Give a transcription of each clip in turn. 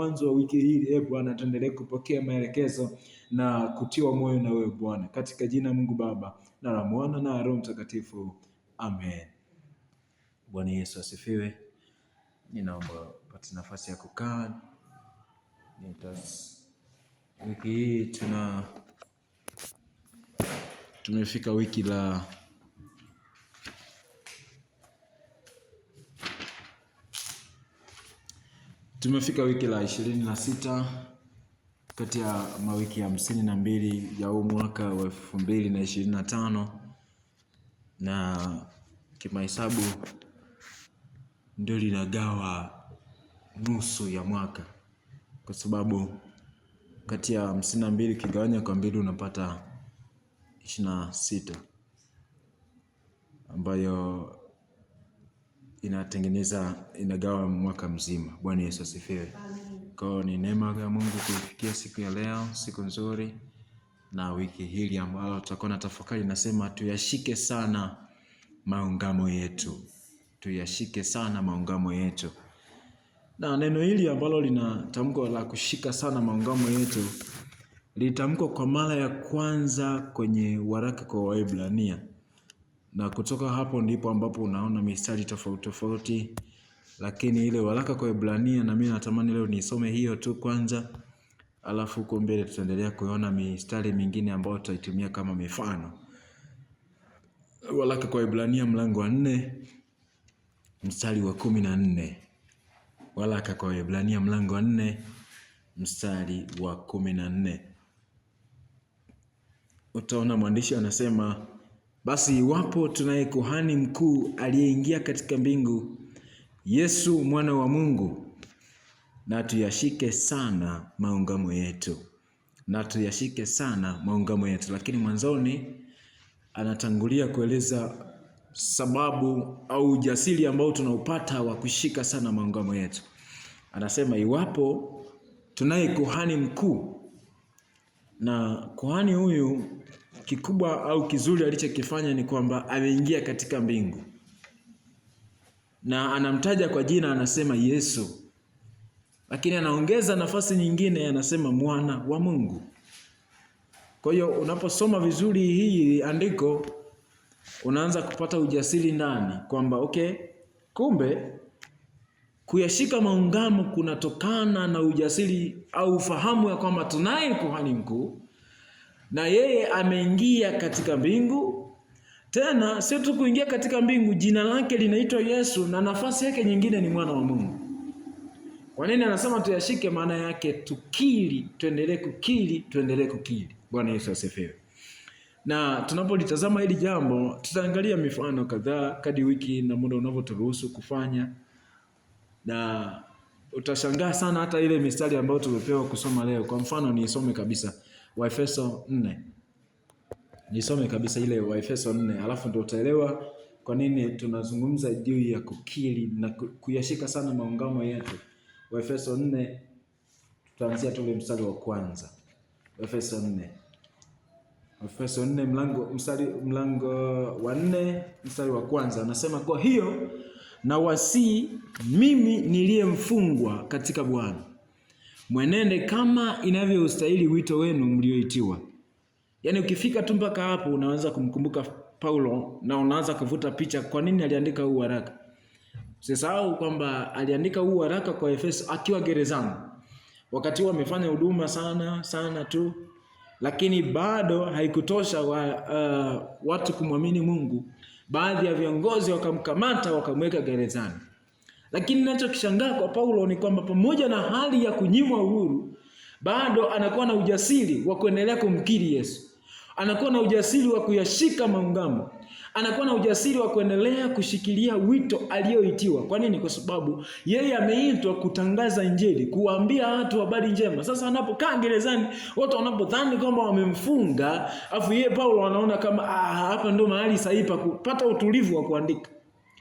mwanzo wa wiki hii. E Bwana, tuendelee kupokea maelekezo na kutiwa moyo na wewe Bwana, katika jina Mungu Baba na la Mwana na Roho Mtakatifu, amen. Bwana Yesu asifiwe. Ninaomba upate nafasi ya kukaa. Wiki hii tuna tumefika wiki la Tumefika wiki la ishirini na sita kati ya mawiki hamsini na mbili ya huu mwaka wa elfu mbili na ishirini na tano na kimahesabu ndio linagawa nusu ya mwaka, kwa sababu kati ya hamsini na mbili kigawanya kwa mbili unapata ishirini na sita ambayo inatengeneza inagawa mwaka mzima. Bwana Yesu asifiwe. Kwa hiyo ni neema ya Mungu kuifikia siku ya leo, siku nzuri na wiki hili ambalo tutakuwa na tafakari. Nasema tuyashike sana maungamo yetu, tuyashike sana maungamo yetu. Na neno hili ambalo lina tamko la kushika sana maungamo yetu litamkwa kwa mara ya kwanza kwenye waraka kwa Waebrania na kutoka hapo ndipo ambapo unaona mistari tofauti tofauti, lakini ile waraka kwa Ibrania na mimi natamani leo nisome hiyo tu kwanza, alafu huko mbele tutaendelea kuona mistari mingine ambayo tutaitumia kama mifano. Waraka kwa Ibrania mlango wa nne mstari wa kumi na nne. Waraka kwa Ibrania mlango wa nne mstari wa kumi na nne utaona mwandishi anasema basi iwapo tunaye kuhani mkuu aliyeingia katika mbingu, Yesu mwana wa Mungu, na tuyashike sana maungamo yetu, na tuyashike sana maungamo yetu. Lakini mwanzoni anatangulia kueleza sababu au ujasiri ambao tunaupata wa kushika sana maungamo yetu. Anasema iwapo tunaye kuhani mkuu, na kuhani huyu kikubwa au kizuri alichokifanya ni kwamba ameingia katika mbingu, na anamtaja kwa jina, anasema Yesu, lakini anaongeza nafasi nyingine, anasema mwana wa Mungu. Kwa hiyo unaposoma vizuri hii andiko unaanza kupata ujasiri ndani kwamba okay, kumbe kuyashika maungamo kunatokana na ujasiri au ufahamu ya kwamba tunaye kuhani mkuu na yeye ameingia katika mbingu. Tena sio tu kuingia katika mbingu, jina lake linaitwa Yesu na nafasi yake nyingine ni mwana wa Mungu. Kwa nini anasema tuyashike? Maana yake tukiri, tuendelee kukiri, tuendelee kukiri. Bwana Yesu asifiwe. Na tunapolitazama hili jambo, tutaangalia mifano kadhaa kadi wiki na muda unavyoturuhusu kufanya, na utashangaa sana hata ile mistari ambayo tumepewa kusoma leo. Kwa mfano, niisome kabisa Waefeso 4. Nisome kabisa ile Waefeso 4 alafu ndio utaelewa kwa nini tunazungumza juu ya kukiri na kuyashika sana maungamo yetu. Waefeso 4 tutaanzia tu mstari wa kwanza. Waefeso 4. Waefeso 4 mlango mstari mlango wa 4 mstari wa kwanza anasema, kwa hiyo na wasii mimi niliyemfungwa katika Bwana mwenende kama inavyostahili wito wenu mlioitiwa. Yaani ukifika tu mpaka hapo unaanza kumkumbuka Paulo na unaanza kuvuta picha kwa nini aliandika huu waraka. Usisahau kwamba aliandika huu waraka kwa Efeso akiwa gerezani. Wakati huo amefanya huduma sana sana tu, lakini bado haikutosha wa, uh, watu kumwamini Mungu. Baadhi ya viongozi wakamkamata wakamweka gerezani. Lakini ninachokishangaa kwa Paulo ni kwamba pamoja na hali ya kunyimwa uhuru, bado anakuwa na ujasiri wa kuendelea kumkiri Yesu, anakuwa na ujasiri wa kuyashika maungamo, anakuwa na ujasiri wa kuendelea kushikilia wito aliyoitiwa. Kwa nini? Kwa sababu yeye ameitwa kutangaza Injili, kuwaambia watu habari njema. Sasa anapokaa gerezani, watu wanapodhani kwamba wamemfunga, afu yeye Paulo anaona kama ah, hapa ndo mahali sahihi pa kupata utulivu wa kuandika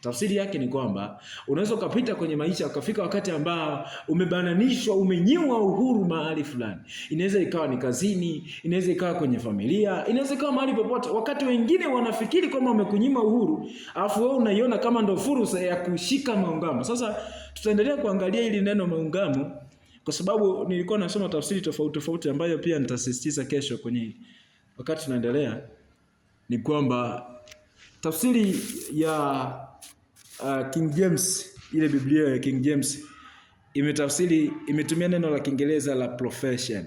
Tafsiri yake ni kwamba unaweza ukapita kwenye maisha ukafika wakati ambao umebananishwa, umenyimwa uhuru mahali fulani. Inaweza ikawa ni kazini, inaweza ikawa kwenye familia, inaweza ikawa mahali popote. Wakati wengine wanafikiri kwamba wamekunyima uhuru, alafu wewe unaiona kama ndo fursa ya kushika maungamo. Sasa tutaendelea kuangalia hili neno maungamo, kwa sababu nilikuwa nasoma tafsiri tofauti tofauti ambayo pia nitasisitiza kesho kwenye wakati tunaendelea, ni kwamba tafsiri ya uh, King James, ile Biblia ya King James imetafsiri, imetumia neno la Kiingereza la profession,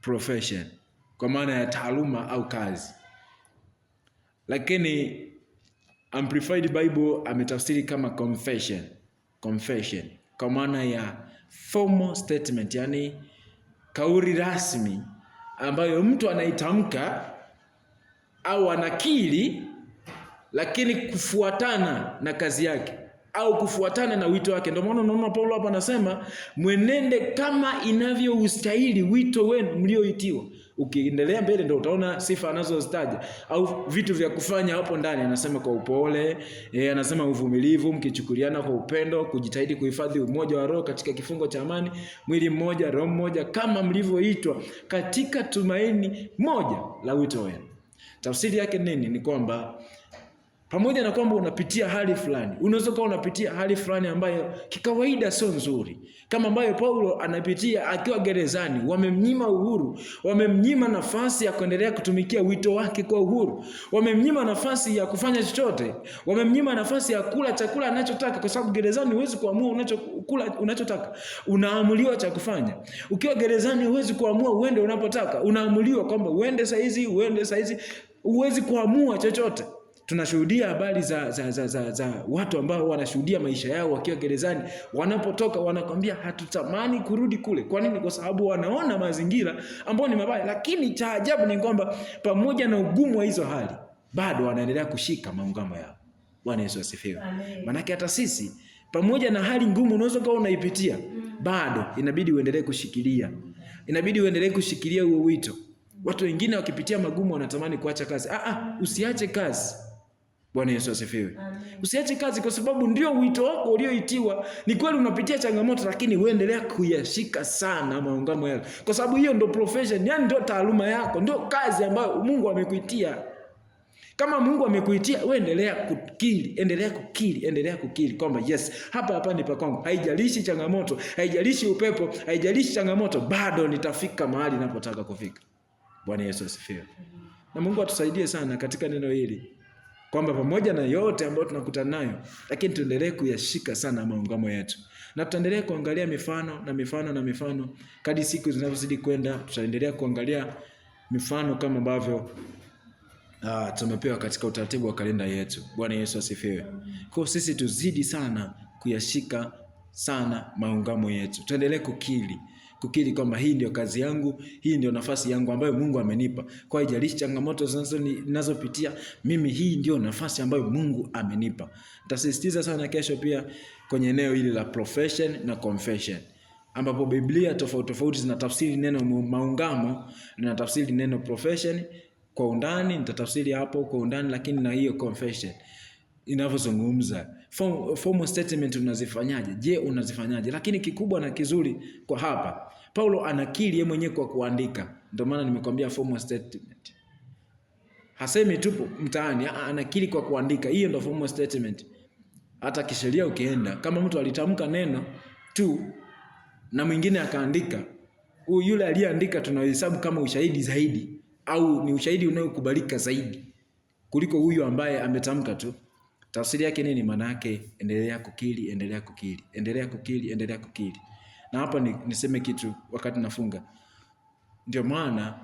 profession kwa maana ya taaluma au kazi, lakini Amplified Bible ametafsiri kama confession, confession kwa maana ya formal statement, yani kauli rasmi ambayo mtu anaitamka au anakiri lakini kufuatana na kazi yake au kufuatana na wito wake. Ndio maana unaona Paulo hapa anasema mwenende kama inavyoustahili wito wenu mlioitiwa. Ukiendelea mbele ndio utaona sifa anazozitaja au vitu vya kufanya hapo ndani. Anasema kwa upole, e, anasema uvumilivu, mkichukuliana kwa upendo, kujitahidi kuhifadhi umoja wa roho katika kifungo cha amani, mwili mmoja, roho mmoja, kama mlivyoitwa katika tumaini moja la wito wenu. Tafsiri yake nini? Ni kwamba pamoja na kwamba unapitia hali fulani, unaweza kuwa unapitia hali fulani ambayo kikawaida sio nzuri, kama ambayo Paulo anapitia akiwa gerezani. Wamemnyima uhuru, wamemnyima nafasi ya kuendelea kutumikia wito wake kwa uhuru, wamemnyima nafasi ya kufanya chochote, wamemnyima nafasi ya kula chakula anachotaka, kwa sababu gerezani huwezi kuamua unachokula unachotaka, unaamuliwa cha kufanya. Ukiwa gerezani huwezi kuamua uende unapotaka, unaamuliwa kwamba uende saizi, uende saizi, huwezi kuamua chochote tunashuhudia habari za, za, za, za, za watu ambao wanashuhudia maisha yao wakiwa gerezani. Wanapotoka wanakwambia hatutamani kurudi kule. Kwa nini? Kwa sababu wanaona mazingira ambayo ni mabaya, lakini cha ajabu ni kwamba pamoja na ugumu wa hizo hali bado wanaendelea kushika maungamo yao. Bwana Yesu asifiwe. Maanake hata sisi pamoja na hali ngumu unaweza kuwa unaipitia, mm. bado inabidi uendelee kushikilia, inabidi uendelee kushikilia huo wito. Watu wengine wakipitia magumu wanatamani kuacha kazi. Ah, ah, usiache kazi Bwana Yesu asifiwe. Usiache kazi kwa sababu ndio wito wako ulioitiwa. Ni kweli unapitia changamoto, lakini uendelea kuyashika sana maungamo yale, kwa sababu hiyo ndio profession, yani ndio taaluma yako, ndio kazi ambayo Mungu amekuitia. Kama Mungu amekuitia, wewe endelea kukiri, endelea kukiri, endelea kukiri kwamba yes, hapa hapa ni pa kwangu. Haijalishi changamoto, haijalishi upepo, haijalishi changamoto, bado nitafika mahali ninapotaka kufika. Bwana Yesu asifiwe. Na Mungu atusaidie sana katika neno hili kwamba pamoja na yote ambayo tunakutana nayo, lakini tuendelee kuyashika sana maungamo yetu, na tutaendelea kuangalia mifano na mifano na mifano kadri siku zinavyozidi kwenda. Tutaendelea kuangalia mifano kama ambavyo uh, tumepewa katika utaratibu wa kalenda yetu. Bwana Yesu asifiwe. Kwa sisi tuzidi sana kuyashika sana maungamo yetu, tuendelee kukiri kukiri kwamba hii ndio kazi yangu, hii ndio nafasi yangu ambayo Mungu amenipa. Kwa hiyo haijalishi changamoto ninazopitia mimi hii ndio nafasi ambayo Mungu amenipa. Nitasisitiza sana kesho pia kwenye eneo hili la profession na confession, ambapo Biblia tofauti tofauti zinatafsiri neno maungamo, linatafsiri neno profession kwa undani, nitatafsiri hapo kwa undani, lakini na hiyo confession inavyozungumza form, formal statement unazifanyaje? Je, unazifanyaje? Lakini kikubwa na kizuri kwa hapa Paulo anakiri yeye mwenyewe kwa kuandika, ndio maana nimekwambia formal statement. Hasemi tu mtaani, anakiri kwa kuandika. Hiyo ndio formal statement. Hata kisheria ukienda, kama mtu alitamka neno tu na mwingine akaandika, huyu yule aliyeandika tunahesabu kama ushahidi zaidi, au ni ushahidi unaokubalika zaidi kuliko huyu ambaye ametamka tu. Tafsiri yake nini? Maana yake endelea kukiri, endelea kukiri, endelea kukiri, endelea kukiri. Na hapa ni, niseme kitu wakati nafunga. Ndio maana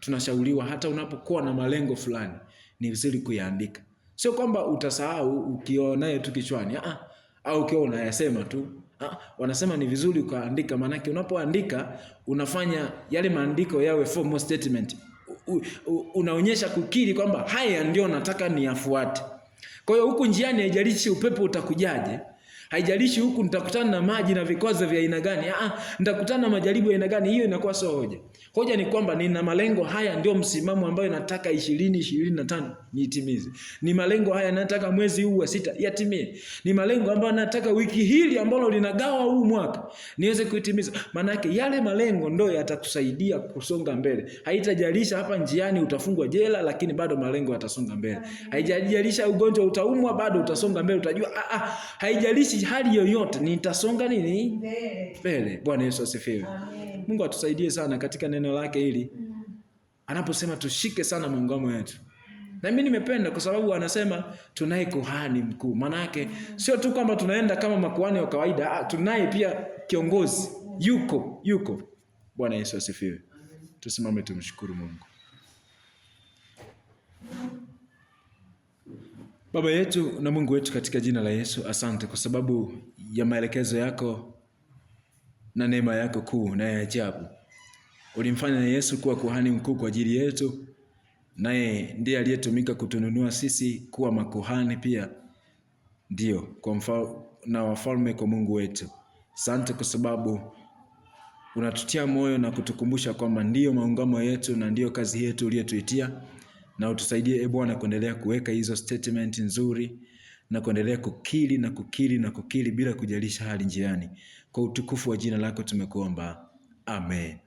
tunashauriwa hata unapokuwa na malengo fulani ni vizuri kuyaandika, sio kwamba utasahau ukionaye tu kichwani ah, au ukiwa unayasema tu ah. Wanasema ni vizuri ukaandika, maanake unapoandika unafanya yale maandiko yawe formal statement, unaonyesha kukiri kwamba haya ndio nataka niyafuate. Kwa hiyo huku njiani haijalishi upepo utakujaje, Haijalishi huku nitakutana na maji na vikwazo vya aina gani, ah, nitakutana na majaribu ya aina gani, hiyo inakuwa sio hoja. Hoja ni kwamba nina malengo haya, ndio msimamo ambayo nataka ishirini ishirini na tano niitimize. Ni malengo haya nataka mwezi huu wa sita yatimie. Ni malengo ambayo nataka wiki hili ambalo linagawa huu mwaka niweze kuitimiza. Maanake yale malengo ndo yatakusaidia kusonga mbele. Haitajalisha hapa njiani utafungwa jela, lakini bado malengo yatasonga mbele. Haijajalisha ugonjwa utaumwa, bado utasonga mbele, utajua. Ah, ah, haijalishi hali yoyote nitasonga nini mbele. Bwana Yesu asifiwe. Mungu atusaidie sana katika neno lake hili mm. anaposema tushike sana muungamo wetu na mimi nimependa kwa sababu anasema tunaye kuhani mkuu, maana yake mm. sio tu kwamba tunaenda kama makuhani wa kawaida, ah, tunaye pia kiongozi yuko yuko. Bwana Yesu asifiwe. Tusimame tumshukuru Mungu. Baba yetu na Mungu wetu katika jina la Yesu, asante kwa sababu ya maelekezo yako na neema yako kuu na ya ajabu. Ulimfanya Yesu kuwa kuhani mkuu kwa ajili yetu, naye ndiye aliyetumika kutununua sisi kuwa makuhani pia, ndio kwa mfal na wafalme kwa Mungu wetu. Asante kwa sababu unatutia moyo na kutukumbusha kwamba ndiyo maungamo yetu na ndiyo kazi yetu uliyotuitia na utusaidie e Bwana kuendelea kuweka hizo statement nzuri na kuendelea kukiri na kukiri na kukiri bila kujalisha hali njiani. Kwa utukufu wa jina lako tumekuomba, amen.